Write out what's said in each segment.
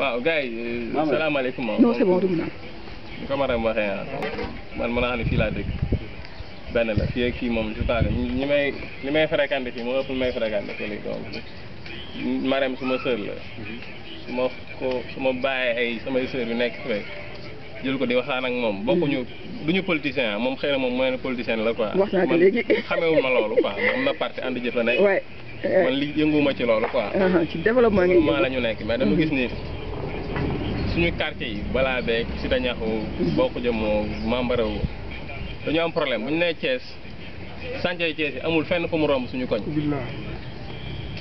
waaw gars yi salaamaaleykum. non c'est bon dugg ah. man mën naa xam ne fii laa dëkk benn la fii ak kii moom je pense ñi may li may fréquenté fii moo ëpp li may fréquenté fële donc Marème suma sœur la su ma ko su ma bàyyee ay samay sœur yu nekk fee jël ko di waxtaan ak moom bokkuñu duñu politicien ah moom xëy na moom mooy ne politicien la quoi. wax naa ko léegi xamewul ma loolu quoi am na parti ànd jëf la nekk. Eh. man li yënguma ci loolu quoi. Uh-huh. ci développement ngay yëngu la ñu nekk mais dama gis ni mm-hmm. suñu quartier yi balaa beeg si dañaxu boo ko jëmoo membre wu dañu am problème bu ñu cees Thiès chantier Thiès yi amul fenn fu mu romb suñu koñ.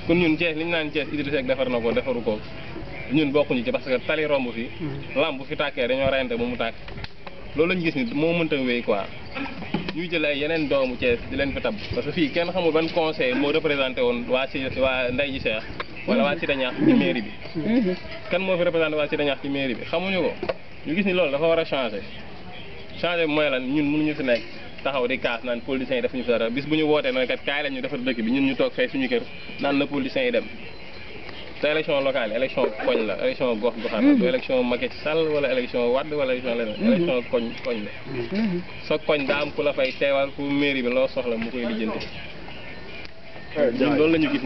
kon ñun Thiès li ñu naan Thiès Idrissa Seck defar na ko defaru ko ñun ñu ci parce que tali romb fi. Mm-hmm. lamb bu fi tàkkee dañoo reyante ba mu tàkk loolu lañu gis ni moo mënta wéy quoi. ñuy jël ay yeneen doomu Thiès di leen fi tab parce que fii kenn xamul ban conseil moo représenté woon waa si waa Ndeye ji Cheikh wala waa Cité Niakh ci mairie bi kan moo fi représenté waa Cité Niakh xamuñu ko ñu gis ni loolu dafa war a changé changé bi mooy lan ñun mënuñu fi nekk taxaw di kaas naan politiciens yi defuñu fi dara bis bu ñu wootee nag kat ñu defar dëkk bi ñun ñu toog fay suñu kër naan na politiciens yi dem te élection locale yi koñ la élection gox goxaan la mhm. du élection Macky Sall wala élection Wade wala élection leneen mhm. élection koñ koñ la mhm. sa koñ daa am ku la fay teewal ku mairie bi loo soxla mu koy lijjanti eh, ñun loolu la ñu gis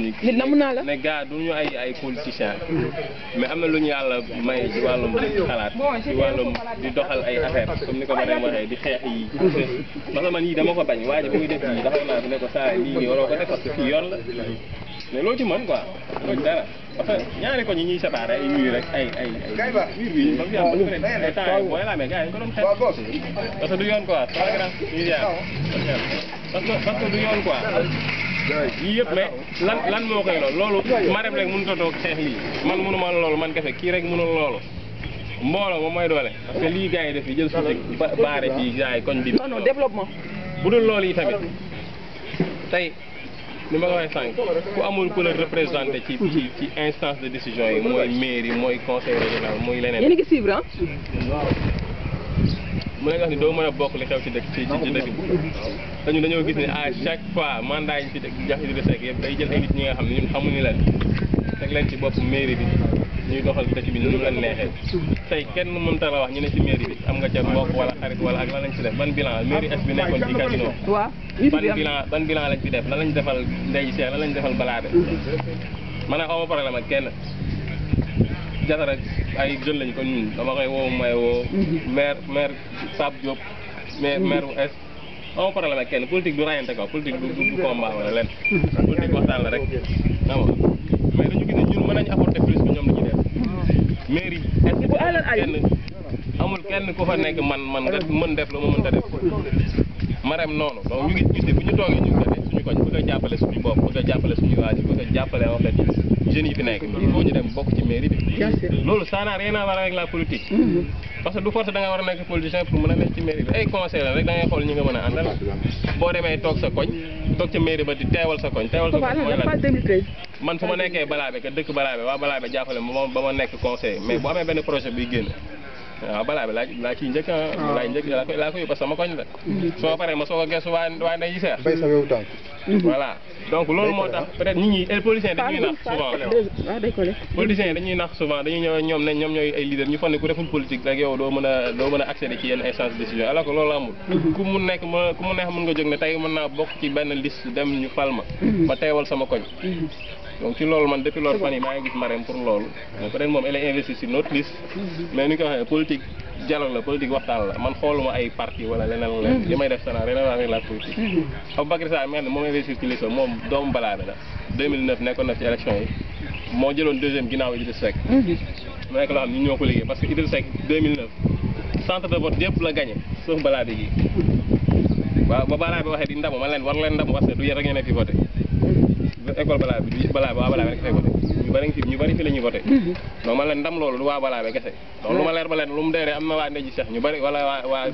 naa la ne gars du ñu ay ay politiciens mais am na lu ñu yàlla may ci wàllum xalaat ci wàllum di doxal ay affaire comme ni ko ma dem waxee di xeex yi parce que man yii dama ko bañ waaye bu muy def yii dafa naa ne ko saa lii nii waroo ko def parce que yoon la mais loo ci mën ko ñi ñuy séparé ay ay ay ay bi ba mu ko doon xeet parce que du yoon quoi par grand yëpp lan lan moo koy loolu loolu Marème rek mënut a toog xeex lii man mënu ma lool man kese kii rek mënul loolu mbooloo moom mooy doole parce que lii gars yi def jël suuf si ba baare fii gars yi koñ bi non non développement bu dul loolu yi tamit tey ni ma ko waxee sànq ku amul ku la représenté ci ci ci instance de décision yi mooy mairie mooy conseil régional muy leneen. yéen a ngi suivre ah. mën nga wax ni doo mën a bokk li xew ci dëkk ci ci dëkk bi te ñun dañoo gis ne à chaque fois mandat yi ñu fi jax Idrissa Seck yëpp day jël ay nit ñi nga xam ne ñun xamuñu leen. teg leen ci bopp mairie bi ñuy doxal dëkk bi ñu leen neexee tey kenn mënta la wax ñu ne ci mairie bi am nga ca mbokk wala xarit wala ak lan lañ ci def ban bilan mairie est bi nekkoon ci casino ban bilan ban bilan lañ ci def lan lañ defal ndey Cheikh lan lañ defal balaade ma ne a ma problème ak kenn jatara ay jël lañ ko ñun dama koy woo may woo mhm. maire maire Sab Diop maire maire est mhm. amoo problème ak kenn politique du rayante quoi politique du du combat wala lenn politique waxtaan rek xam nga mais dañu gis ne ñun plus bi ñoom la ñuy def mairie est-ce kenn amul ku fa nekk man man nga mën def lu ma mënta def marem noonu donc ñu ngi gis suñu koñ bëgg a jàppale suñu bopp bëgg a jàppale suñu waajur bëgg a jàppale en fait jeunes yi nekk il faut ñu dem bokk ci mairie bi loolu ça n'a rien à voir avec la politique mhm. parce que du force da war a nekk politicien a nekk ci mairie bi ay conseil la rek da xool ñi nga mën a àndal boo demee toog sa koñ toog ci mairie ba di teewal sa koñ teewal sa koñ mooy man fu ma nekkee balaabe ka dëkk balaabe waa balaabe jàppale ba ma nekk conseil mais bu amee benn projet biy waaw ah, balaa bi laa laa ciy ah. a laa njëkk laa koy laa koy yóbbu sama koñ la mm. soo paree ma soo ko gëstu waa waa ndeyi seer bay sa mm-hmm. loolu moo tax peut être nit ñi eh, politiciens dañuy nax souvent ah, politiciens yi dañuy nax souvent dañuy ñëw ñoom ne ñoom ñooy ay leader ñu fan ne ku deful politique rek a a mm-hmm. tey mën naa bokk ci benn liste dem ñu fal ma mm-hmm. ma teewal sama koñ donc ci loolu man depuis loolu fan ni ko waxee politique dialogue la politique waxtaan la man xooluma ay parti wala leneen leneen. li may def sana rien avec la politique. Aboubacry Sarr mel ne moom doomu balaabe la 2009 nekkoon na ci élection yi moo jëloon deuxième ginnaaw Idrissa Seck. mu nekk loo xam ni ñoo ko liggéey parce que Idrissa Seck 2009 centre de vote yëpp la gagné sauf balaabe gi waaw ba balaabe waxee di ndamu man leen war leen ndamu parce que du yéen rek ngeen fi voté. école balaa bi du balaa bi rek kese voté ñu bari fi ñu bari fi la voté donc man leen ndam loolu du waa balaa bi kese donc leer ba leen lu mu am na waa ndeji sax ñu bari wala waa waa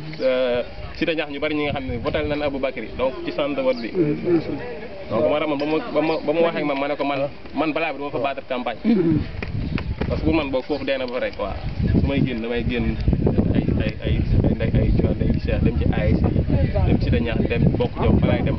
cité ñax ñu bari ñi nga xam ne nañ Abou Bakri donc ci centre vote bi donc ma rama ba mu ba mu waxee ak man ma ko man man balaa bi du fa battre campagne parce que man boog foofu dee na ba rek waa su may damay génn ay ay ay ay ay ay dem ci ASC dem ci dañax dem bokk jom balaay dem